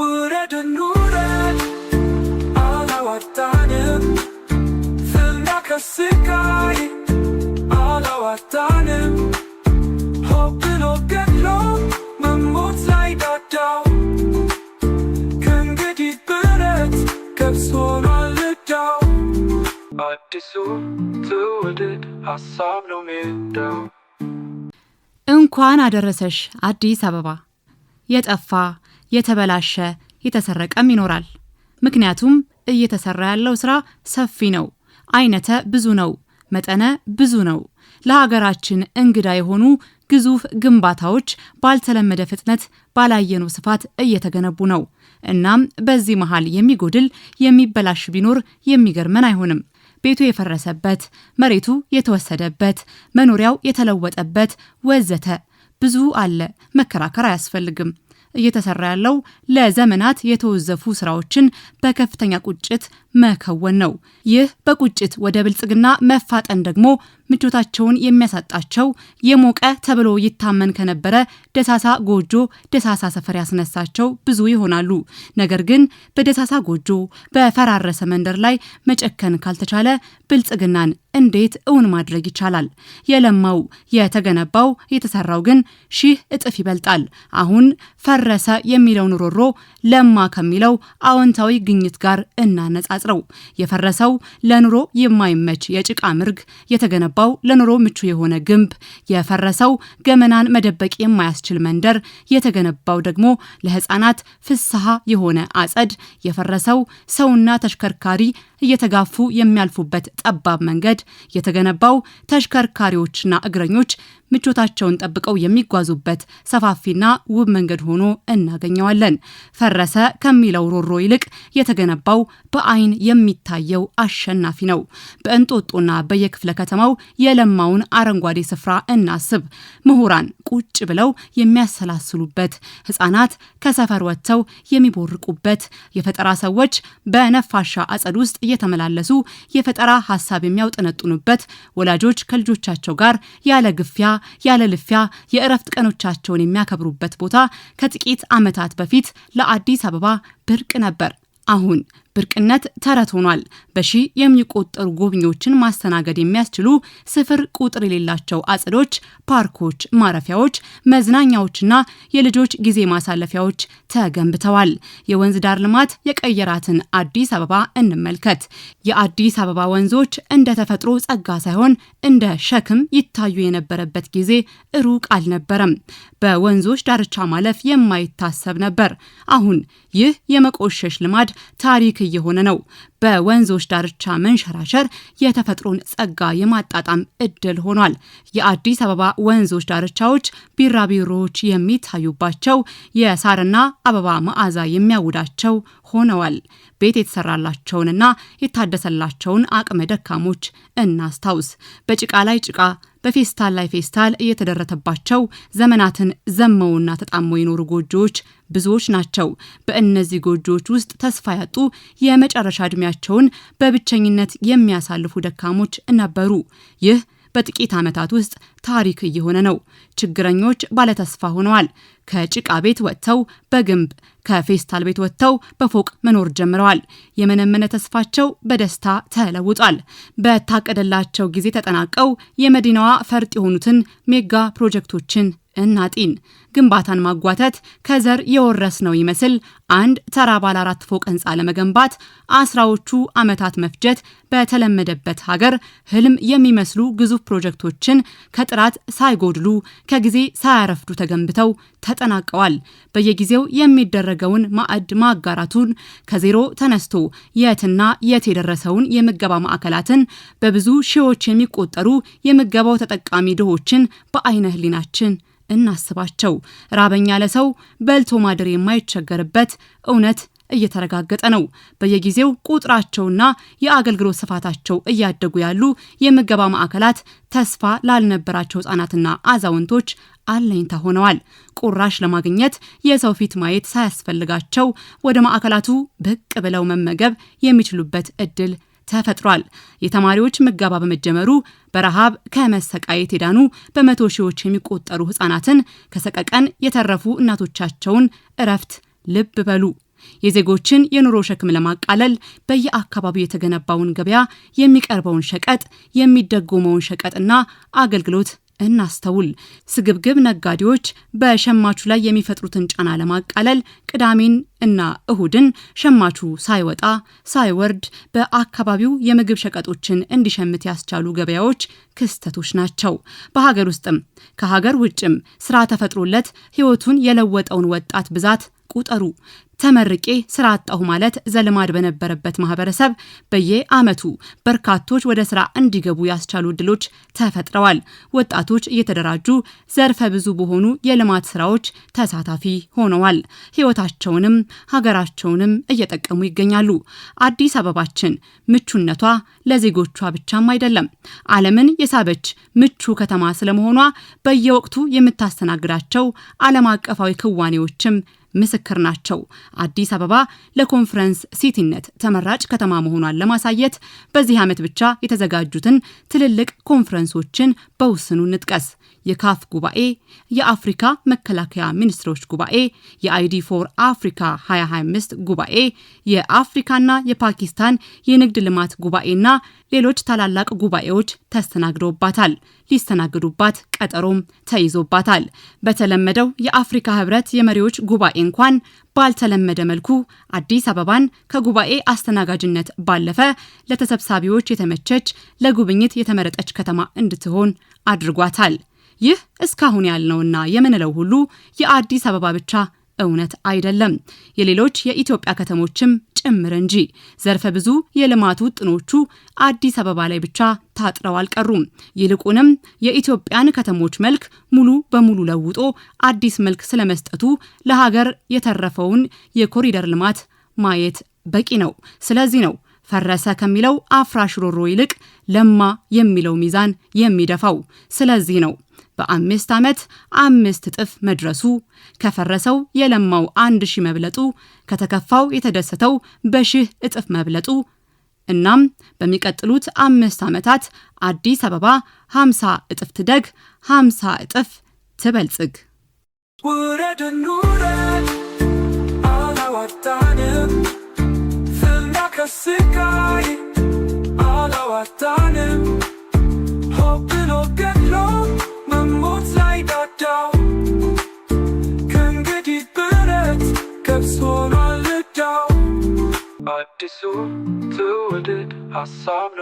ውረድ እንውረድ አላዋጣንም፣ ፍና ከስቃይ አላዋጣንም። ሆብሎ ገድሎ መሞት ላይ ዳዳው እንኳን አደረሰሽ አዲስ አበባ የጠፋ የተበላሸ የተሰረቀም ይኖራል። ምክንያቱም እየተሰራ ያለው ስራ ሰፊ ነው፣ አይነተ ብዙ ነው፣ መጠነ ብዙ ነው። ለሀገራችን እንግዳ የሆኑ ግዙፍ ግንባታዎች ባልተለመደ ፍጥነት ባላየኑ ስፋት እየተገነቡ ነው። እናም በዚህ መሀል የሚጎድል የሚበላሽ ቢኖር የሚገርመን አይሆንም። ቤቱ የፈረሰበት፣ መሬቱ የተወሰደበት፣ መኖሪያው የተለወጠበት ወዘተ ብዙ አለ። መከራከር አያስፈልግም። እየተሰራ ያለው ለዘመናት የተወዘፉ ስራዎችን በከፍተኛ ቁጭት መከወን ነው። ይህ በቁጭት ወደ ብልጽግና መፋጠን ደግሞ ምቾታቸውን የሚያሳጣቸው የሞቀ ተብሎ ይታመን ከነበረ ደሳሳ ጎጆ ደሳሳ ሰፈር ያስነሳቸው ብዙ ይሆናሉ። ነገር ግን በደሳሳ ጎጆ በፈራረሰ መንደር ላይ መጨከን ካልተቻለ ብልጽግናን እንዴት እውን ማድረግ ይቻላል? የለማው የተገነባው የተሰራው ግን ሺህ እጥፍ ይበልጣል። አሁን ፈረሰ የሚለውን ሮሮ ለማ ከሚለው አዎንታዊ ግኝት ጋር እናነጻ ተነጻጽረው የፈረሰው ለኑሮ የማይመች የጭቃ ምርግ፣ የተገነባው ለኑሮ ምቹ የሆነ ግንብ፣ የፈረሰው ገመናን መደበቅ የማያስችል መንደር፣ የተገነባው ደግሞ ለሕፃናት ፍስሐ የሆነ አጸድ፣ የፈረሰው ሰውና ተሽከርካሪ እየተጋፉ የሚያልፉበት ጠባብ መንገድ፣ የተገነባው ተሽከርካሪዎችና እግረኞች ምቾታቸውን ጠብቀው የሚጓዙበት ሰፋፊና ውብ መንገድ ሆኖ እናገኘዋለን። ፈረሰ ከሚለው ሮሮ ይልቅ የተገነባው በአይን የሚታየው አሸናፊ ነው። በእንጦጦና በየክፍለ ከተማው የለማውን አረንጓዴ ስፍራ እናስብ። ምሁራን ቁጭ ብለው የሚያሰላስሉበት፣ ህጻናት ከሰፈር ወጥተው የሚቦርቁበት፣ የፈጠራ ሰዎች በነፋሻ አጸድ ውስጥ እየተመላለሱ የፈጠራ ሀሳብ የሚያውጠነጥኑበት፣ ወላጆች ከልጆቻቸው ጋር ያለ ግፊያ ያለ ልፊያ የእረፍት ቀኖቻቸውን የሚያከብሩበት ቦታ ከጥቂት ዓመታት በፊት ለአዲስ አበባ ብርቅ ነበር። አሁን ብርቅነት ተረት ሆኗል። በሺ የሚቆጠሩ ጎብኚዎችን ማስተናገድ የሚያስችሉ ስፍር ቁጥር የሌላቸው አጸዶች፣ ፓርኮች፣ ማረፊያዎች፣ መዝናኛዎችና የልጆች ጊዜ ማሳለፊያዎች ተገንብተዋል። የወንዝ ዳር ልማት የቀየራትን አዲስ አበባ እንመልከት። የአዲስ አበባ ወንዞች እንደ ተፈጥሮ ጸጋ ሳይሆን እንደ ሸክም ይታዩ የነበረበት ጊዜ ሩቅ አልነበረም። በወንዞች ዳርቻ ማለፍ የማይታሰብ ነበር። አሁን ይህ የመቆሸሽ ልማድ ታሪክ እየሆነ ነው። በወንዞች ዳርቻ መንሸራሸር የተፈጥሮን ጸጋ የማጣጣም እድል ሆኗል። የአዲስ አበባ ወንዞች ዳርቻዎች ቢራቢሮዎች የሚታዩባቸው የሳርና አበባ መዓዛ የሚያውዳቸው ሆነዋል። ቤት የተሰራላቸውንና የታደሰላቸውን አቅመ ደካሞች እናስታውስ። በጭቃ ላይ ጭቃ በፌስታል ላይ ፌስታል እየተደረተባቸው ዘመናትን ዘመውና ተጣመው የኖሩ ጎጆዎች ብዙዎች ናቸው። በእነዚህ ጎጆዎች ውስጥ ተስፋ ያጡ የመጨረሻ ዕድሜያ ዕድሜያቸውን በብቸኝነት የሚያሳልፉ ደካሞች ነበሩ። ይህ በጥቂት ዓመታት ውስጥ ታሪክ እየሆነ ነው። ችግረኞች ባለተስፋ ሆነዋል። ከጭቃ ቤት ወጥተው በግንብ ከፌስታል ቤት ወጥተው በፎቅ መኖር ጀምረዋል። የመነመነ ተስፋቸው በደስታ ተለውጧል። በታቀደላቸው ጊዜ ተጠናቀው የመዲናዋ ፈርጥ የሆኑትን ሜጋ ፕሮጀክቶችን እናጢን ግንባታን ማጓተት ከዘር የወረስ ነው ይመስል አንድ ተራ ባለ አራት ፎቅ ህንፃ ለመገንባት አስራዎቹ ዓመታት መፍጀት በተለመደበት ሀገር ህልም የሚመስሉ ግዙፍ ፕሮጀክቶችን ከጥራት ሳይጎድሉ ከጊዜ ሳያረፍዱ ተገንብተው ተጠናቀዋል። በየጊዜው የሚደረገውን ማዕድ ማጋራቱን ከዜሮ ተነስቶ የትና የት የደረሰውን የምገባ ማዕከላትን በብዙ ሺዎች የሚቆጠሩ የምገባው ተጠቃሚ ድሆችን በአይነ ህሊናችን እናስባቸው። ራበኛ ለሰው በልቶ ማደር የማይቸገርበት እውነት እየተረጋገጠ ነው። በየጊዜው ቁጥራቸውና የአገልግሎት ስፋታቸው እያደጉ ያሉ የምገባ ማዕከላት ተስፋ ላልነበራቸው ህጻናትና አዛውንቶች አለኝታ ሆነዋል። ቁራሽ ለማግኘት የሰው ፊት ማየት ሳያስፈልጋቸው ወደ ማዕከላቱ ብቅ ብለው መመገብ የሚችሉበት እድል ተፈጥሯል። የተማሪዎች ምገባ በመጀመሩ በረሃብ ከመሰቃየት የዳኑ በመቶ ሺዎች የሚቆጠሩ ህጻናትን ከሰቀቀን የተረፉ እናቶቻቸውን እረፍት ልብ በሉ። የዜጎችን የኑሮ ሸክም ለማቃለል በየአካባቢው የተገነባውን ገበያ የሚቀርበውን ሸቀጥ የሚደጎመውን ሸቀጥና አገልግሎት እናስተውል። ስግብግብ ነጋዴዎች በሸማቹ ላይ የሚፈጥሩትን ጫና ለማቃለል ቅዳሜን እና እሁድን ሸማቹ ሳይወጣ ሳይወርድ በአካባቢው የምግብ ሸቀጦችን እንዲሸምት ያስቻሉ ገበያዎች ክስተቶች ናቸው። በሀገር ውስጥም ከሀገር ውጭም ስራ ተፈጥሮለት ህይወቱን የለወጠውን ወጣት ብዛት ቁጠሩ። ተመርቄ ስራ አጣሁ ማለት ዘልማድ በነበረበት ማህበረሰብ በየዓመቱ በርካቶች ወደ ስራ እንዲገቡ ያስቻሉ እድሎች ተፈጥረዋል። ወጣቶች እየተደራጁ ዘርፈ ብዙ በሆኑ የልማት ስራዎች ተሳታፊ ሆነዋል። ህይወታቸውንም ሀገራቸውንም እየጠቀሙ ይገኛሉ። አዲስ አበባችን ምቹነቷ ለዜጎቿ ብቻም አይደለም፣ ዓለምን የሳበች ምቹ ከተማ ስለመሆኗ በየወቅቱ የምታስተናግዳቸው ዓለም አቀፋዊ ክዋኔዎችም ምስክር ናቸው። አዲስ አበባ ለኮንፈረንስ ሲቲነት ተመራጭ ከተማ መሆኗን ለማሳየት በዚህ ዓመት ብቻ የተዘጋጁትን ትልልቅ ኮንፈረንሶችን በውስኑ እንጥቀስ። የካፍ ጉባኤ፣ የአፍሪካ መከላከያ ሚኒስትሮች ጉባኤ፣ የአይዲ ፎር አፍሪካ 2025 ጉባኤ፣ የአፍሪካና የፓኪስታን የንግድ ልማት ጉባኤና ሌሎች ታላላቅ ጉባኤዎች ተስተናግደውባታል። ሊስተናግዱባት ቀጠሮም ተይዞባታል። በተለመደው የአፍሪካ ህብረት የመሪዎች ጉባኤ እንኳን ባልተለመደ መልኩ አዲስ አበባን ከጉባኤ አስተናጋጅነት ባለፈ ለተሰብሳቢዎች የተመቸች ለጉብኝት የተመረጠች ከተማ እንድትሆን አድርጓታል። ይህ እስካሁን ያልነውና የምንለው ሁሉ የአዲስ አበባ ብቻ እውነት አይደለም፣ የሌሎች የኢትዮጵያ ከተሞችም ጭምር እንጂ። ዘርፈ ብዙ የልማት ውጥኖቹ አዲስ አበባ ላይ ብቻ ታጥረው አልቀሩም። ይልቁንም የኢትዮጵያን ከተሞች መልክ ሙሉ በሙሉ ለውጦ አዲስ መልክ ስለመስጠቱ ለሀገር የተረፈውን የኮሪደር ልማት ማየት በቂ ነው። ስለዚህ ነው ፈረሰ ከሚለው አፍራሽ ሮሮ ይልቅ ለማ የሚለው ሚዛን የሚደፋው። ስለዚህ ነው በአምስት ዓመት አምስት እጥፍ መድረሱ፣ ከፈረሰው የለማው አንድ ሺህ መብለጡ፣ ከተከፋው የተደሰተው በሺህ እጥፍ መብለጡ። እናም በሚቀጥሉት አምስት ዓመታት አዲስ አበባ 50 እጥፍ ትደግ፣ 50 እጥፍ ትበልጽግ። ውረድ እንውረድ አላዋጣንም፣ ፍና አላዋጣንም። I saw blue.